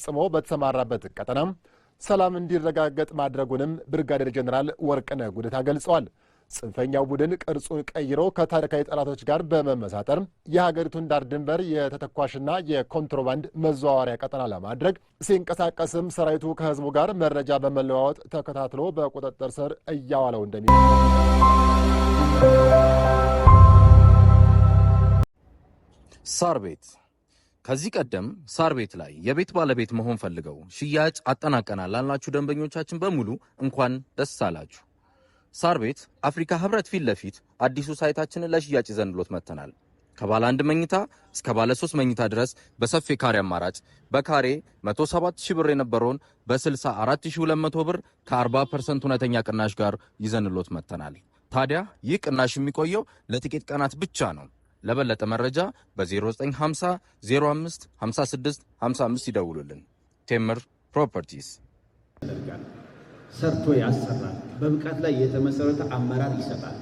ፈጽሞ በተሰማራበት ቀጠናም ሰላም እንዲረጋገጥ ማድረጉንም ብርጋዴር ጀኔራል ወርቅነ ጉደታ ገልጸዋል። ጽንፈኛው ቡድን ቅርጹን ቀይሮ ከታሪካዊ ጠላቶች ጋር በመመሳጠር የሀገሪቱን ዳር ድንበር የተተኳሽና የኮንትሮባንድ መዘዋወሪያ ቀጠና ለማድረግ ሲንቀሳቀስም ሰራዊቱ ከህዝቡ ጋር መረጃ በመለዋወጥ ተከታትሎ በቁጥጥር ስር እያዋለው እንደሚ ሳር ቤት ከዚህ ቀደም ሳር ቤት ላይ የቤት ባለቤት መሆን ፈልገው ሽያጭ አጠናቀናል ላላችሁ ደንበኞቻችን በሙሉ እንኳን ደስ አላችሁ። ሳር ቤት አፍሪካ ህብረት ፊት ለፊት አዲሱ ሳይታችንን ለሽያጭ ይዘንሎት መጥተናል። ከባለ አንድ መኝታ እስከ ባለ ሶስት መኝታ ድረስ በሰፊ ካሬ አማራጭ በካሬ 107 ሺህ ብር የነበረውን በ64200 ብር ከ40 ፐርሰንት እውነተኛ ቅናሽ ጋር ይዘንሎት መጥተናል። ታዲያ ይህ ቅናሽ የሚቆየው ለጥቂት ቀናት ብቻ ነው። ለበለጠ መረጃ በ0950 05 56 55 ይደውሉልን። ቴምር ፕሮፐርቲስ ሰርቶ ያሰራል። በብቃት ላይ የተመሰረተ አመራር ይሰጣል።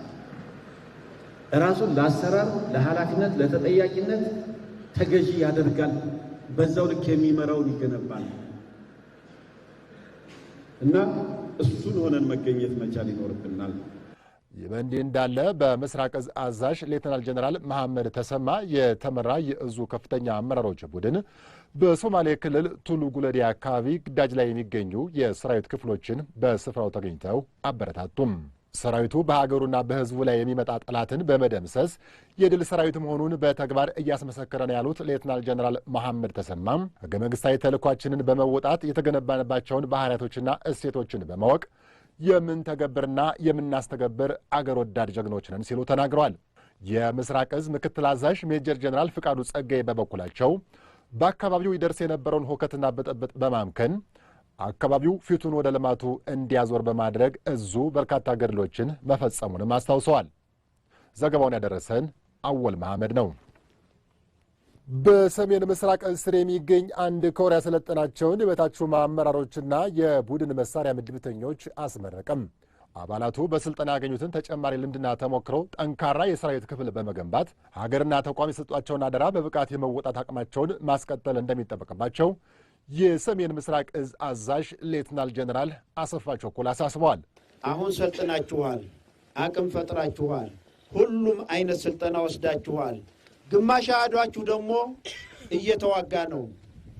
ራሱን ለአሰራር፣ ለኃላፊነት፣ ለተጠያቂነት ተገዢ ያደርጋል። በዛው ልክ የሚመራውን ይገነባል እና እሱን ሆነን መገኘት መቻል ይኖርብናል። በእንዲህ እንዳለ በምስራቅ እዝ አዛዥ ሌተናል ጀኔራል መሐመድ ተሰማ የተመራ የእዙ ከፍተኛ አመራሮች ቡድን በሶማሌ ክልል ቱሉ ጉለዲ አካባቢ ግዳጅ ላይ የሚገኙ የሰራዊት ክፍሎችን በስፍራው ተገኝተው አበረታቱም። ሰራዊቱ በሀገሩና በሕዝቡ ላይ የሚመጣ ጠላትን በመደምሰስ የድል ሰራዊት መሆኑን በተግባር እያስመሰከረ ነው ያሉት ሌትናል ጀነራል መሐመድ ተሰማም ሕገ መንግስታዊ ተልኳችንን በመወጣት የተገነባንባቸውን ባህሪያቶችና እሴቶችን በማወቅ የምንተገብርና የምናስተገብር አገር ወዳድ ጀግኖች ነን ሲሉ ተናግረዋል። የምስራቅ እዝ ምክትል አዛዥ ሜጀር ጀኔራል ፍቃዱ ጸጋዬ በበኩላቸው በአካባቢው ይደርስ የነበረውን ሁከትና ብጥብጥ በማምከን አካባቢው ፊቱን ወደ ልማቱ እንዲያዞር በማድረግ እዙ በርካታ ገድሎችን መፈጸሙንም አስታውሰዋል። ዘገባውን ያደረሰን አወል መሐመድ ነው። በሰሜን ምስራቅ እስር የሚገኝ አንድ ኮር ያሰለጠናቸውን የበታቹማ አመራሮችና የቡድን መሳሪያ ምድብተኞች አስመረቀም። አባላቱ በስልጠና ያገኙትን ተጨማሪ ልምድና ተሞክሮ ጠንካራ የሰራዊት ክፍል በመገንባት ሀገርና ተቋም የሰጧቸውን አደራ በብቃት የመወጣት አቅማቸውን ማስቀጠል እንደሚጠበቅባቸው የሰሜን ምስራቅ እዝ አዛዥ ሌትናል ጀነራል አሰፋ ቸኮል አሳስበዋል። አሁን ሰልጥናችኋል፣ አቅም ፈጥራችኋል፣ ሁሉም አይነት ስልጠና ወስዳችኋል ግማሽ አህዷችሁ ደግሞ እየተዋጋ ነው፣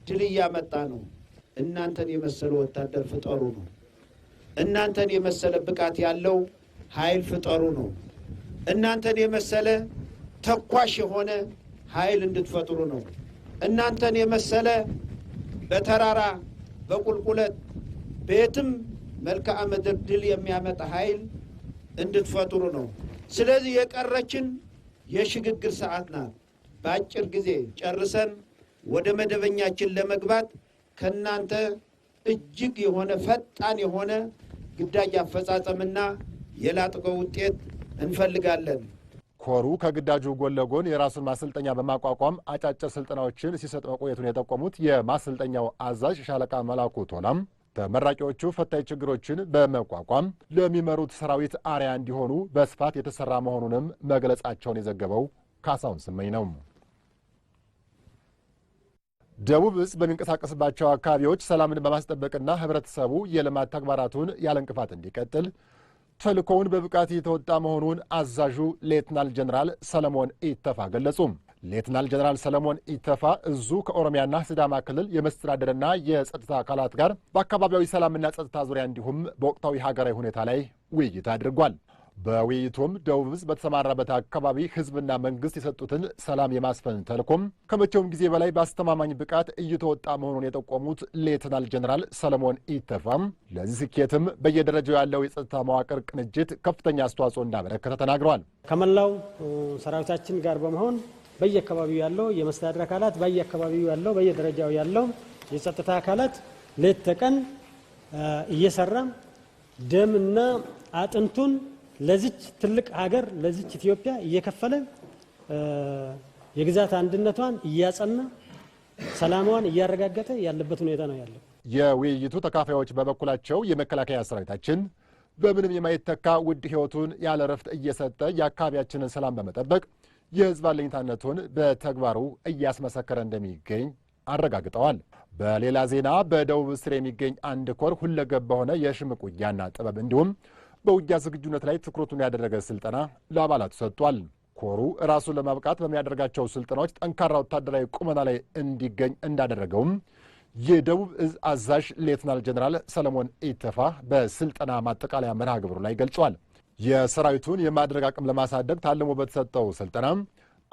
ድል እያመጣ ነው። እናንተን የመሰለ ወታደር ፍጠሩ ነው። እናንተን የመሰለ ብቃት ያለው ኃይል ፍጠሩ ነው። እናንተን የመሰለ ተኳሽ የሆነ ኃይል እንድትፈጥሩ ነው። እናንተን የመሰለ በተራራ በቁልቁለት በየትም መልክዓ ምድር ድል የሚያመጣ ኃይል እንድትፈጥሩ ነው። ስለዚህ የቀረችን የሽግግር ሰዓት ናት። በአጭር ጊዜ ጨርሰን ወደ መደበኛችን ለመግባት ከእናንተ እጅግ የሆነ ፈጣን የሆነ ግዳጅ አፈጻጸምና የላጥቀው ውጤት እንፈልጋለን። ኮሩ ከግዳጁ ጎን ለጎን የራሱን ማሰልጠኛ በማቋቋም አጫጭር ስልጠናዎችን ሲሰጥ መቆየቱን የጠቆሙት የማሰልጠኛው አዛዥ ሻለቃ መላኩ ቶላም ተመራቂዎቹ ፈታኝ ችግሮችን በመቋቋም ለሚመሩት ሰራዊት አርያ እንዲሆኑ በስፋት የተሰራ መሆኑንም መግለጻቸውን የዘገበው ካሳሁን ስመኝ ነው። ደቡብ እዝ በሚንቀሳቀስባቸው አካባቢዎች ሰላምን በማስጠበቅና ህብረተሰቡ የልማት ተግባራቱን ያለ እንቅፋት እንዲቀጥል ተልእኮውን በብቃት የተወጣ መሆኑን አዛዡ ሌትናል ጀኔራል ሰለሞን ኢተፋ ገለጹ። ሌትናል ጀነራል ሰለሞን ኢተፋ እዙ ከኦሮሚያና ስዳማ ክልል የመስተዳደርና የጸጥታ አካላት ጋር በአካባቢያዊ ሰላምና ጸጥታ ዙሪያ እንዲሁም በወቅታዊ ሀገራዊ ሁኔታ ላይ ውይይት አድርጓል። በውይይቱም ደቡብ ሕዝብ በተሰማራበት አካባቢ ህዝብና መንግስት የሰጡትን ሰላም የማስፈን ተልኮም ከመቼውም ጊዜ በላይ በአስተማማኝ ብቃት እየተወጣ መሆኑን የጠቆሙት ሌትናል ጀነራል ሰለሞን ኢተፋም ለዚህ ስኬትም በየደረጃው ያለው የጸጥታ መዋቅር ቅንጅት ከፍተኛ አስተዋጽኦ እንዳበረከተ ተናግረዋል። ከመላው ሰራዊታችን ጋር በመሆን በየአካባቢው ያለው የመስተዳድር አካላት በየአካባቢው ያለው በየደረጃው ያለው የጸጥታ አካላት ሌት ተቀን እየሰራ ደምና አጥንቱን ለዚች ትልቅ ሀገር ለዚች ኢትዮጵያ እየከፈለ የግዛት አንድነቷን እያጸና ሰላሟን እያረጋገጠ ያለበት ሁኔታ ነው ያለው። የውይይቱ ተካፋዮች በበኩላቸው የመከላከያ ሰራዊታችን በምንም የማይተካ ውድ ሕይወቱን ያለ ረፍት እየሰጠ የአካባቢያችንን ሰላም በመጠበቅ የህዝብ አለኝታነቱን በተግባሩ እያስመሰከረ እንደሚገኝ አረጋግጠዋል። በሌላ ዜና በደቡብ ስር የሚገኝ አንድ ኮር ሁለገብ በሆነ የሽምቅ ውጊያና ጥበብ እንዲሁም በውጊያ ዝግጁነት ላይ ትኩረቱን ያደረገ ስልጠና ለአባላቱ ሰጥቷል። ኮሩ ራሱን ለማብቃት በሚያደርጋቸው ስልጠናዎች ጠንካራ ወታደራዊ ቁመና ላይ እንዲገኝ እንዳደረገውም የደቡብ እዝ አዛዥ ሌትናል ጀኔራል ሰለሞን ኢተፋ በስልጠና ማጠቃለያ መርሃ ግብሩ ላይ ገልጿል። የሰራዊቱን የማድረግ አቅም ለማሳደግ ታልሞ በተሰጠው ስልጠና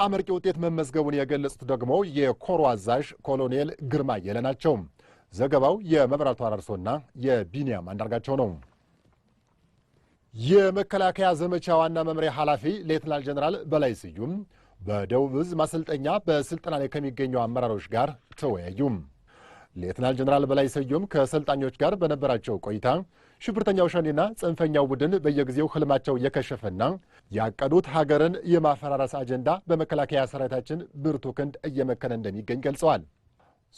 አመርቂ ውጤት መመዝገቡን የገለጹት ደግሞ የኮሮ አዛዥ ኮሎኔል ግርማ የለ ናቸው። ዘገባው የመብራቱ አራርሶና የቢኒያም አንዳርጋቸው ነው። የመከላከያ ዘመቻ ዋና መምሪያ ኃላፊ ሌትናል ጀኔራል በላይ ስዩም በደቡብ እዝ ማሰልጠኛ በስልጠና ላይ ከሚገኙ አመራሮች ጋር ተወያዩ። ሌትናል ጀኔራል በላይ ስዩም ከሰልጣኞች ጋር በነበራቸው ቆይታ ሽብርተኛው ሸኔና ጽንፈኛው ቡድን በየጊዜው ህልማቸው የከሸፈና ያቀዱት ሀገርን የማፈራረስ አጀንዳ በመከላከያ ሰራዊታችን ብርቱ ክንድ እየመከነ እንደሚገኝ ገልጸዋል።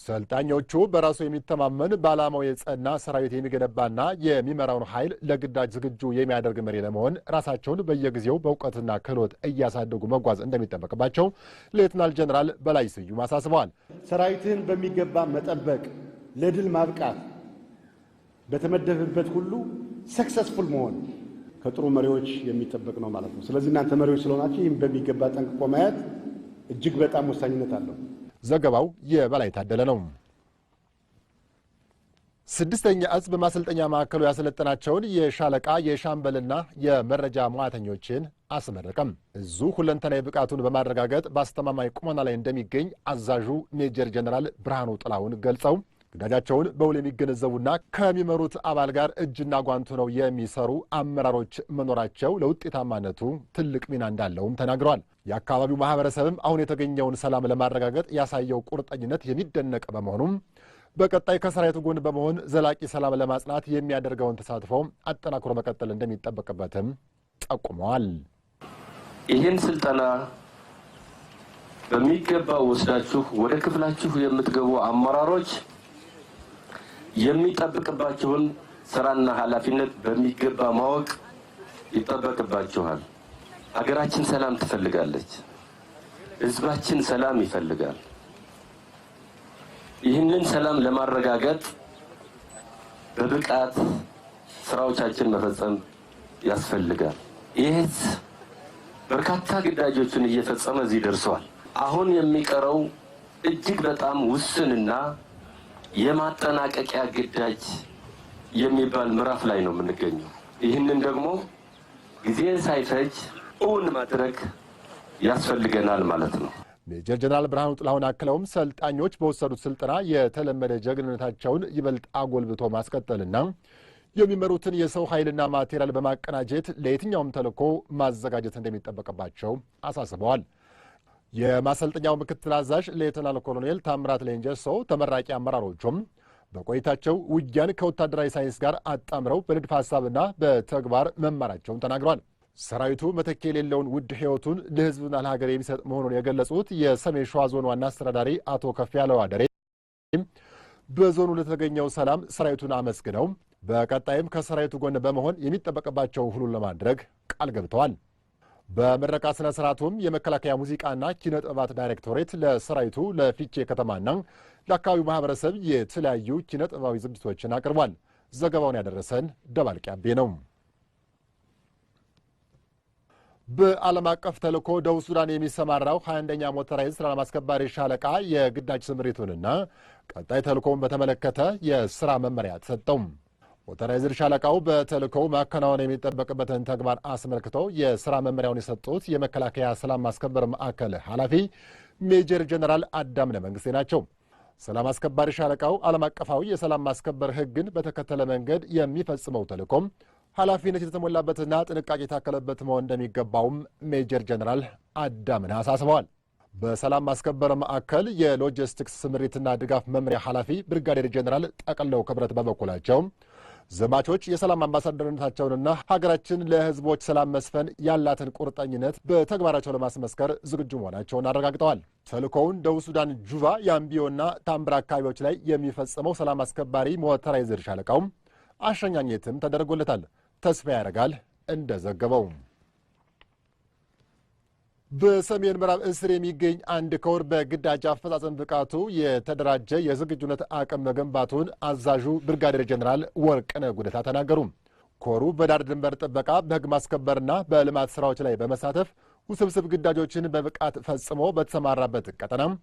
ሰልጣኞቹ በራሱ የሚተማመን በዓላማው የጸና ሰራዊት የሚገነባና የሚመራውን ኃይል ለግዳጅ ዝግጁ የሚያደርግ መሪ ለመሆን ራሳቸውን በየጊዜው በእውቀትና ክህሎት እያሳደጉ መጓዝ እንደሚጠበቅባቸው ሌትናል ጀኔራል በላይ ስዩም አሳስበዋል። ሰራዊትህን በሚገባ መጠበቅ፣ ለድል ማብቃት በተመደብበት ሁሉ ሰክሰስፉል መሆን ከጥሩ መሪዎች የሚጠበቅ ነው ማለት ነው። ስለዚህ እናንተ መሪዎች ስለሆናቸው ይህም በሚገባ ጠንቅቆ ማየት እጅግ በጣም ወሳኝነት አለው። ዘገባው የበላይ ታደለ ነው። ስድስተኛ እዝ በማሰልጠኛ ማዕከሉ ያሰለጠናቸውን የሻለቃ የሻምበልና የመረጃ ሙያተኞችን አስመረቀም። እዙ ሁለንተና ብቃቱን በማረጋገጥ በአስተማማኝ ቁመና ላይ እንደሚገኝ አዛዡ ሜጀር ጀነራል ብርሃኑ ጥላሁን ገልጸው ግዳጃቸውን በውል የሚገነዘቡና ከሚመሩት አባል ጋር እጅና ጓንት ሆነው የሚሰሩ አመራሮች መኖራቸው ለውጤታማነቱ ትልቅ ሚና እንዳለውም ተናግረዋል። የአካባቢው ማህበረሰብም አሁን የተገኘውን ሰላም ለማረጋገጥ ያሳየው ቁርጠኝነት የሚደነቅ በመሆኑም በቀጣይ ከሰራዊቱ ጎን በመሆን ዘላቂ ሰላም ለማጽናት የሚያደርገውን ተሳትፎ አጠናክሮ መቀጠል እንደሚጠበቅበትም ጠቁመዋል። ይህን ስልጠና በሚገባ ወስዳችሁ ወደ ክፍላችሁ የምትገቡ አመራሮች የሚጠብቅባቸውን ስራና ኃላፊነት በሚገባ ማወቅ ይጠበቅባችኋል። ሀገራችን ሰላም ትፈልጋለች። ህዝባችን ሰላም ይፈልጋል። ይህንን ሰላም ለማረጋገጥ በብቃት ስራዎቻችን መፈጸም ያስፈልጋል። ይህ በርካታ ግዳጆችን እየፈጸመ እዚህ ደርሰዋል። አሁን የሚቀረው እጅግ በጣም ውስንና የማጠናቀቂያ ግዳጅ የሚባል ምዕራፍ ላይ ነው የምንገኘው። ይህንን ደግሞ ጊዜን ሳይፈጅ እውን ማድረግ ያስፈልገናል ማለት ነው። ሜጀር ጀነራል ብርሃኑ ጥላሁን አክለውም ሰልጣኞች በወሰዱት ስልጠና የተለመደ ጀግንነታቸውን ይበልጥ አጎልብቶ ማስቀጠልና የሚመሩትን የሰው ኃይልና ማቴሪያል በማቀናጀት ለየትኛውም ተልዕኮ ማዘጋጀት እንደሚጠበቅባቸው አሳስበዋል። የማሰልጠኛው ምክትል አዛዥ ሌተናል ኮሎኔል ታምራት ሌንጀሶ ተመራቂ አመራሮቹም በቆይታቸው ውጊያን ከወታደራዊ ሳይንስ ጋር አጣምረው በንድፍ ሀሳብና በተግባር መማራቸውን ተናግሯል። ሰራዊቱ መተኪ የሌለውን ውድ ሕይወቱን ለሕዝብና ለሀገር የሚሰጥ መሆኑን የገለጹት የሰሜን ሸዋ ዞን ዋና አስተዳዳሪ አቶ ያለው አደሬ በዞኑ ለተገኘው ሰላም ሰራዊቱን አመስግነው በቀጣይም ከሰራዊቱ ጎን በመሆን የሚጠበቅባቸው ሁሉን ለማድረግ ቃል ገብተዋል። በምረቃ ስነ ስርዓቱም የመከላከያ ሙዚቃና ኪነ ጥበባት ዳይሬክቶሬት ለሰራዊቱ ለፊቼ ከተማና ለአካባቢው ማህበረሰብ የተለያዩ ኪነ ጥበባዊ ዝግጅቶችን አቅርቧል። ዘገባውን ያደረሰን ደባልቅ አቤ ነው። በዓለም አቀፍ ተልእኮ ደቡብ ሱዳን የሚሰማራው 21ኛ ሞተራይዝ ሰላም አስከባሪ ሻለቃ የግዳጅ ስምሪቱንና ቀጣይ ተልእኮውን በተመለከተ የስራ መመሪያ ተሰጠው። ሞተራይዝድ ሻለቃው በተልእኮው ማከናወን የሚጠበቅበትን ተግባር አስመልክቶ የስራ መመሪያውን የሰጡት የመከላከያ ሰላም ማስከበር ማዕከል ኃላፊ ሜጀር ጀነራል አዳምነ መንግስቴ ናቸው። ሰላም አስከባሪ ሻለቃው ዓለም አቀፋዊ የሰላም ማስከበር ሕግን በተከተለ መንገድ የሚፈጽመው ተልእኮም ኃላፊነት የተሞላበትና ጥንቃቄ የታከለበት መሆን እንደሚገባውም ሜጀር ጀነራል አዳምን አሳስበዋል። በሰላም ማስከበር ማዕከል የሎጂስቲክስ ስምሪትና ድጋፍ መምሪያ ኃላፊ ብርጋዴር ጀነራል ጠቅለው ክብረት በበኩላቸው ዘማቾች የሰላም አምባሳደርነታቸውንና ሀገራችን ለህዝቦች ሰላም መስፈን ያላትን ቁርጠኝነት በተግባራቸው ለማስመስከር ዝግጁ መሆናቸውን አረጋግጠዋል። ተልእኮውን ደቡብ ሱዳን ጁቫ ያምቢዮና ታምብራ አካባቢዎች ላይ የሚፈጽመው ሰላም አስከባሪ ሞተራይዘር ሻለቃውም አሸኛኘትም ተደርጎለታል። ተስፋ ያደርጋል እንደዘገበው በሰሜን ምዕራብ እስር የሚገኝ አንድ ኮር በግዳጅ አፈጻጸም ብቃቱ የተደራጀ የዝግጁነት አቅም መገንባቱን አዛዡ ብርጋዴር ጀኔራል ወርቅነህ ጉደታ ተናገሩ። ኮሩ በዳር ድንበር ጥበቃ፣ በሕግ ማስከበርና በልማት ስራዎች ላይ በመሳተፍ ውስብስብ ግዳጆችን በብቃት ፈጽሞ በተሰማራበት ቀጠናም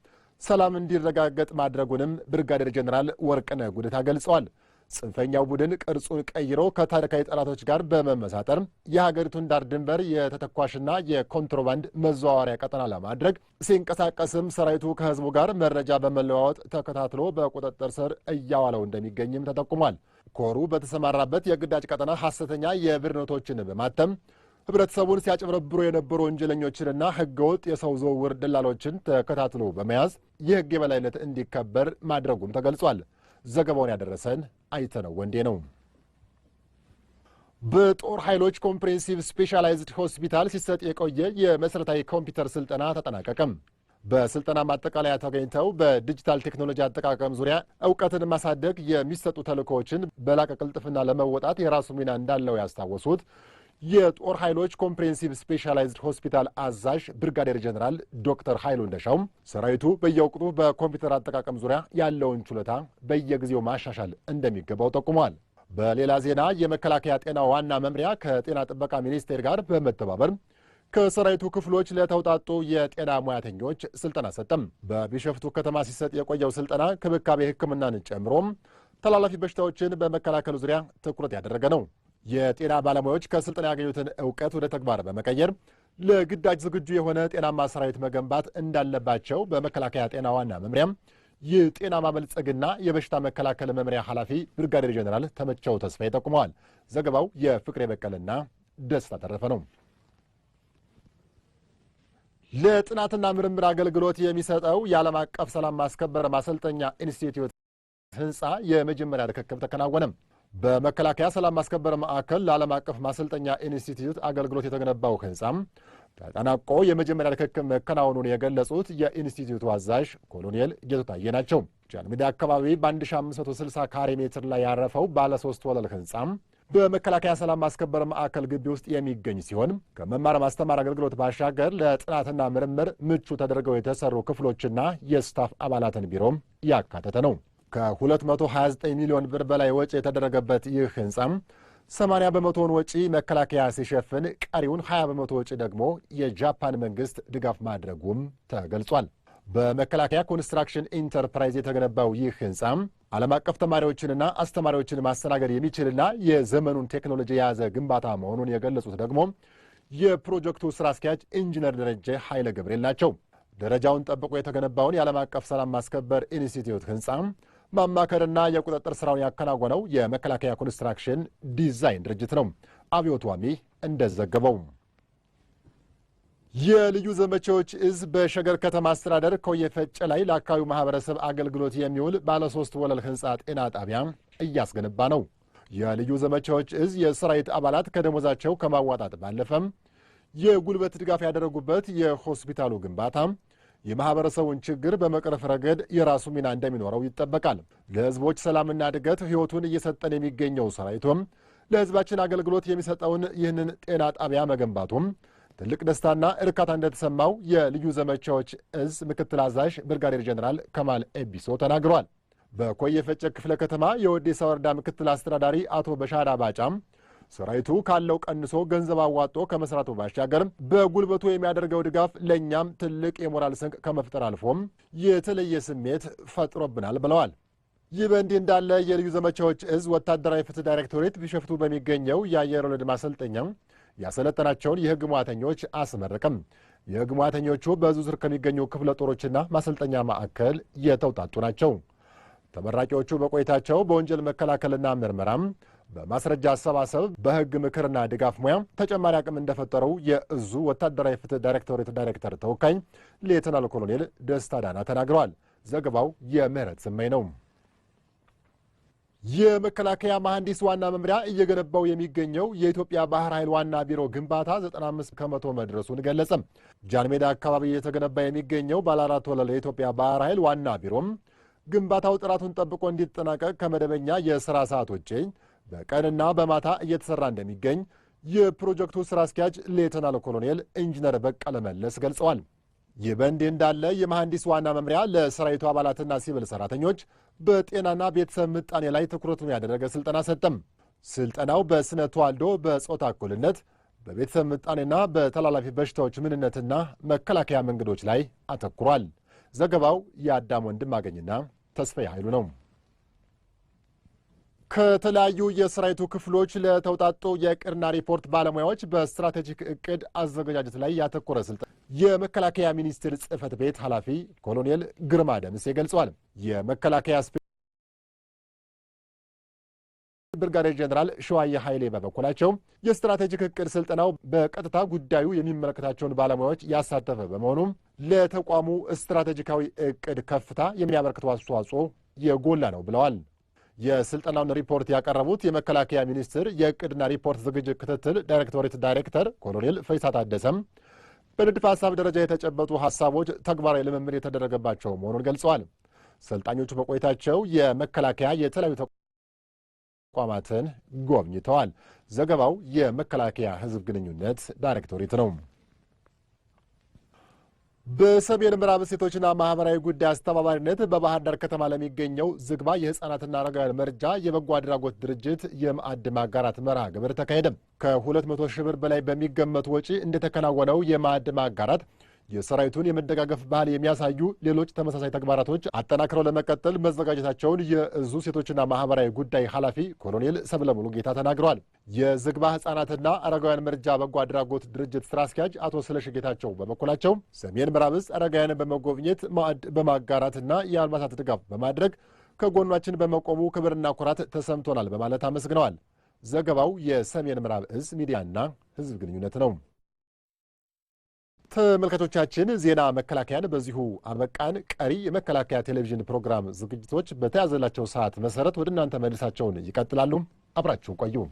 ሰላም እንዲረጋገጥ ማድረጉንም ብርጋዴር ጀኔራል ወርቅነህ ጉደታ ገልጸዋል። ጽንፈኛው ቡድን ቅርጹን ቀይሮ ከታሪካዊ ጠላቶች ጋር በመመሳጠር የሀገሪቱን ዳር ድንበር የተተኳሽና የኮንትሮባንድ መዘዋወሪያ ቀጠና ለማድረግ ሲንቀሳቀስም ሰራዊቱ ከህዝቡ ጋር መረጃ በመለዋወጥ ተከታትሎ በቁጥጥር ስር እያዋለው እንደሚገኝም ተጠቁሟል። ኮሩ በተሰማራበት የግዳጅ ቀጠና ሐሰተኛ የብር ኖቶችን በማተም ህብረተሰቡን ሲያጭበረብሩ የነበሩ ወንጀለኞችንና ህገወጥ የሰው ዝውውር ደላሎችን ተከታትሎ በመያዝ የህግ የበላይነት እንዲከበር ማድረጉም ተገልጿል። ዘገባውን ያደረሰን አይተነው ወንዴ ነው። በጦር ኃይሎች ኮምፕሬሄንሲቭ ስፔሻላይዝድ ሆስፒታል ሲሰጥ የቆየ የመሠረታዊ ኮምፒውተር ስልጠና ተጠናቀቀም። በስልጠና ማጠቃለያ ተገኝተው በዲጂታል ቴክኖሎጂ አጠቃቀም ዙሪያ እውቀትን ማሳደግ የሚሰጡ ተልእኮዎችን በላቀ ቅልጥፍና ለመወጣት የራሱ ሚና እንዳለው ያስታወሱት የጦር ኃይሎች ኮምፕሬንሲቭ ስፔሻላይዝድ ሆስፒታል አዛዥ ብርጋዴር ጀኔራል ዶክተር ኃይሉ እንደሻውም ሰራዊቱ በየወቅቱ በኮምፒውተር አጠቃቀም ዙሪያ ያለውን ችሎታ በየጊዜው ማሻሻል እንደሚገባው ጠቁመዋል። በሌላ ዜና የመከላከያ ጤና ዋና መምሪያ ከጤና ጥበቃ ሚኒስቴር ጋር በመተባበር ከሰራዊቱ ክፍሎች ለተውጣጡ የጤና ሙያተኞች ስልጠና ሰጠም። በቢሸፍቱ ከተማ ሲሰጥ የቆየው ስልጠና ክብካቤ ሕክምናን ጨምሮም ተላላፊ በሽታዎችን በመከላከል ዙሪያ ትኩረት ያደረገ ነው። የጤና ባለሙያዎች ከስልጠና ያገኙትን እውቀት ወደ ተግባር በመቀየር ለግዳጅ ዝግጁ የሆነ ጤናማ ሰራዊት መገንባት እንዳለባቸው በመከላከያ ጤና ዋና መምሪያም የጤና ማበልጸግና የበሽታ መከላከል መምሪያ ኃላፊ ብርጋዴር ጀኔራል ተመቸው ተስፋዬ ጠቁመዋል። ዘገባው የፍቅሬ በቀልና ደስታ ተረፈ ነው። ለጥናትና ምርምር አገልግሎት የሚሰጠው የዓለም አቀፍ ሰላም ማስከበር ማሰልጠኛ ኢንስቲትዩት ህንፃ የመጀመሪያ ርክክብ ተከናወነም። በመከላከያ ሰላም ማስከበር ማዕከል ለዓለም አቀፍ ማሰልጠኛ ኢንስቲትዩት አገልግሎት የተገነባው ህንፃም ተጠናቆ የመጀመሪያ ርክክብ መከናወኑን የገለጹት የኢንስቲትዩቱ አዛዥ ኮሎኔል ጌቶታየ ናቸው። ጃን አካባቢ በ1560 ካሬ ሜትር ላይ ያረፈው ባለሶስት ወለል ህንፃም በመከላከያ ሰላም ማስከበር ማዕከል ግቢ ውስጥ የሚገኝ ሲሆን ከመማር ማስተማር አገልግሎት ባሻገር ለጥናትና ምርምር ምቹ ተደርገው የተሰሩ ክፍሎችና የስታፍ አባላትን ቢሮም ያካተተ ነው። ከ229 ሚሊዮን ብር በላይ ወጪ የተደረገበት ይህ ህንፃም 80 በመቶውን ወጪ መከላከያ ሲሸፍን ቀሪውን 20 በመቶ ወጪ ደግሞ የጃፓን መንግስት ድጋፍ ማድረጉም ተገልጿል። በመከላከያ ኮንስትራክሽን ኢንተርፕራይዝ የተገነባው ይህ ህንፃም ዓለም አቀፍ ተማሪዎችንና አስተማሪዎችን ማስተናገድ የሚችልና የዘመኑን ቴክኖሎጂ የያዘ ግንባታ መሆኑን የገለጹት ደግሞ የፕሮጀክቱ ሥራ አስኪያጅ ኢንጂነር ደረጀ ኃይለ ገብርኤል ናቸው። ደረጃውን ጠብቆ የተገነባውን የዓለም አቀፍ ሰላም ማስከበር ኢንስቲትዩት ህንፃም ማማከርና የቁጥጥር ስራውን ያከናወነው የመከላከያ ኮንስትራክሽን ዲዛይን ድርጅት ነው። አብዮት ዋሚ እንደዘገበው የልዩ ዘመቻዎች እዝ በሸገር ከተማ አስተዳደር ከየፈጨ ላይ ለአካባቢው ማህበረሰብ አገልግሎት የሚውል ባለሶስት ወለል ህንፃ ጤና ጣቢያ እያስገነባ ነው። የልዩ ዘመቻዎች እዝ የሰራዊት አባላት ከደሞዛቸው ከማዋጣት ባለፈም የጉልበት ድጋፍ ያደረጉበት የሆስፒታሉ ግንባታ የማህበረሰቡን ችግር በመቅረፍ ረገድ የራሱ ሚና እንደሚኖረው ይጠበቃል። ለህዝቦች ሰላምና እድገት ህይወቱን እየሰጠን የሚገኘው ሰራዊቱም ለህዝባችን አገልግሎት የሚሰጠውን ይህንን ጤና ጣቢያ መገንባቱም ትልቅ ደስታና እርካታ እንደተሰማው የልዩ ዘመቻዎች እዝ ምክትል አዛዥ ብርጋዴር ጀኔራል ከማል ኤቢሶ ተናግሯል። በኮየፈጨ ክፍለ ከተማ የወዴሳ ወረዳ ምክትል አስተዳዳሪ አቶ በሻዳ ባጫም ሰራዊቱ ካለው ቀንሶ ገንዘብ አዋጦ ከመስራቱ ባሻገር በጉልበቱ የሚያደርገው ድጋፍ ለእኛም ትልቅ የሞራል ስንቅ ከመፍጠር አልፎም የተለየ ስሜት ፈጥሮብናል ብለዋል። ይህ በእንዲህ እንዳለ የልዩ ዘመቻዎች እዝ ወታደራዊ ፍትህ ዳይሬክቶሬት ቢሸፍቱ በሚገኘው የአየር ወለድ ማሰልጠኛ ያሰለጠናቸውን የህግ ሙያተኞች አስመረቅም። የህግ ሙያተኞቹ በዙ ስር ከሚገኙ ክፍለ ጦሮችና ማሰልጠኛ ማዕከል የተውጣጡ ናቸው። ተመራቂዎቹ በቆይታቸው በወንጀል መከላከልና ምርመራም በማስረጃ አሰባሰብ በህግ ምክርና ድጋፍ ሙያ ተጨማሪ አቅም እንደፈጠረው የእዙ ወታደራዊ ፍትህ ዳይሬክቶሬት ዳይሬክተር ተወካይ ሌተናል ኮሎኔል ደስታ ዳና ተናግረዋል። ዘገባው የምህረት ስመኝ ነው። የመከላከያ መሐንዲስ ዋና መምሪያ እየገነባው የሚገኘው የኢትዮጵያ ባህር ኃይል ዋና ቢሮ ግንባታ 95 ከመቶ መድረሱን ገለጸ። ጃንሜዳ አካባቢ እየተገነባ የሚገኘው ባለአራት ወለል የኢትዮጵያ ባህር ኃይል ዋና ቢሮም ግንባታው ጥራቱን ጠብቆ እንዲጠናቀቅ ከመደበኛ የሥራ ሰዓት ውጪ በቀንና በማታ እየተሰራ እንደሚገኝ የፕሮጀክቱ ስራ አስኪያጅ ሌተናል ኮሎኔል ኢንጂነር በቀለ መለስ ገልጸዋል። ይህ በእንዲህ እንዳለ የመሐንዲስ ዋና መምሪያ ለሰራዊቱ አባላትና ሲቪል ሰራተኞች በጤናና ቤተሰብ ምጣኔ ላይ ትኩረቱን ያደረገ ስልጠና ሰጠም። ስልጠናው በስነ ተዋልዶ፣ በጾታ እኩልነት፣ በቤተሰብ ምጣኔና በተላላፊ በሽታዎች ምንነትና መከላከያ መንገዶች ላይ አተኩሯል። ዘገባው የአዳም ወንድም አገኝና ተስፋዬ ኃይሉ ነው። ከተለያዩ የሰራዊቱ ክፍሎች ለተውጣጡ የቅድና ሪፖርት ባለሙያዎች በስትራቴጂክ እቅድ አዘገጃጀት ላይ ያተኮረ ስልጠና የመከላከያ ሚኒስቴር ጽህፈት ቤት ኃላፊ ኮሎኔል ግርማ ደምሴ ገልጸዋል። የመከላከያ ብርጋዴር ጀኔራል ሸዋየ ኃይሌ በበኩላቸው የስትራቴጂክ እቅድ ስልጠናው በቀጥታ ጉዳዩ የሚመለከታቸውን ባለሙያዎች ያሳተፈ በመሆኑም ለተቋሙ ስትራቴጂካዊ እቅድ ከፍታ የሚያበረክተው አስተዋጽኦ የጎላ ነው ብለዋል። የስልጠናውን ሪፖርት ያቀረቡት የመከላከያ ሚኒስቴር የእቅድና ሪፖርት ዝግጅት ክትትል ዳይሬክቶሬት ዳይሬክተር ኮሎኔል ፈይሳ ታደሰም በንድፈ ሀሳብ ደረጃ የተጨበጡ ሀሳቦች ተግባራዊ ልምምድ የተደረገባቸው መሆኑን ገልጸዋል። ሰልጣኞቹ በቆይታቸው የመከላከያ የተለያዩ ተቋማትን ጎብኝተዋል። ዘገባው የመከላከያ ሕዝብ ግንኙነት ዳይሬክቶሬት ነው። በሰሜን ምዕራብ ሴቶችና ማህበራዊ ጉዳይ አስተባባሪነት በባህር ዳር ከተማ ለሚገኘው ዝግባ የህጻናትና አረጋውያን መርጃ የበጎ አድራጎት ድርጅት የማዕድ ማጋራት መርሃ ግብር ተካሄደም። ከ200 ሺህ ብር በላይ በሚገመት ወጪ እንደተከናወነው የማዕድ ማጋራት የሰራዊቱን የመደጋገፍ ባህል የሚያሳዩ ሌሎች ተመሳሳይ ተግባራቶች አጠናክረው ለመቀጠል መዘጋጀታቸውን የእዙ ሴቶችና ማህበራዊ ጉዳይ ኃላፊ ኮሎኔል ሰብለሙሉ ጌታ ተናግረዋል። የዝግባ ህጻናትና አረጋውያን መርጃ በጎ አድራጎት ድርጅት ስራ አስኪያጅ አቶ ስለሽ ጌታቸው በበኩላቸው ሰሜን ምዕራብ ዕዝ አረጋውያንን በመጎብኘት ማዕድ በማጋራትና የአልባሳት ድጋፍ በማድረግ ከጎኗችን በመቆሙ ክብርና ኩራት ተሰምቶናል በማለት አመስግነዋል። ዘገባው የሰሜን ምዕራብ እዝ ሚዲያና ህዝብ ግንኙነት ነው። ተመልካቾቻችን ዜና መከላከያን በዚሁ አበቃን። ቀሪ የመከላከያ ቴሌቪዥን ፕሮግራም ዝግጅቶች በተያዘላቸው ሰዓት መሰረት ወደ እናንተ መልሳቸውን ይቀጥላሉ። አብራችሁ ቆዩ።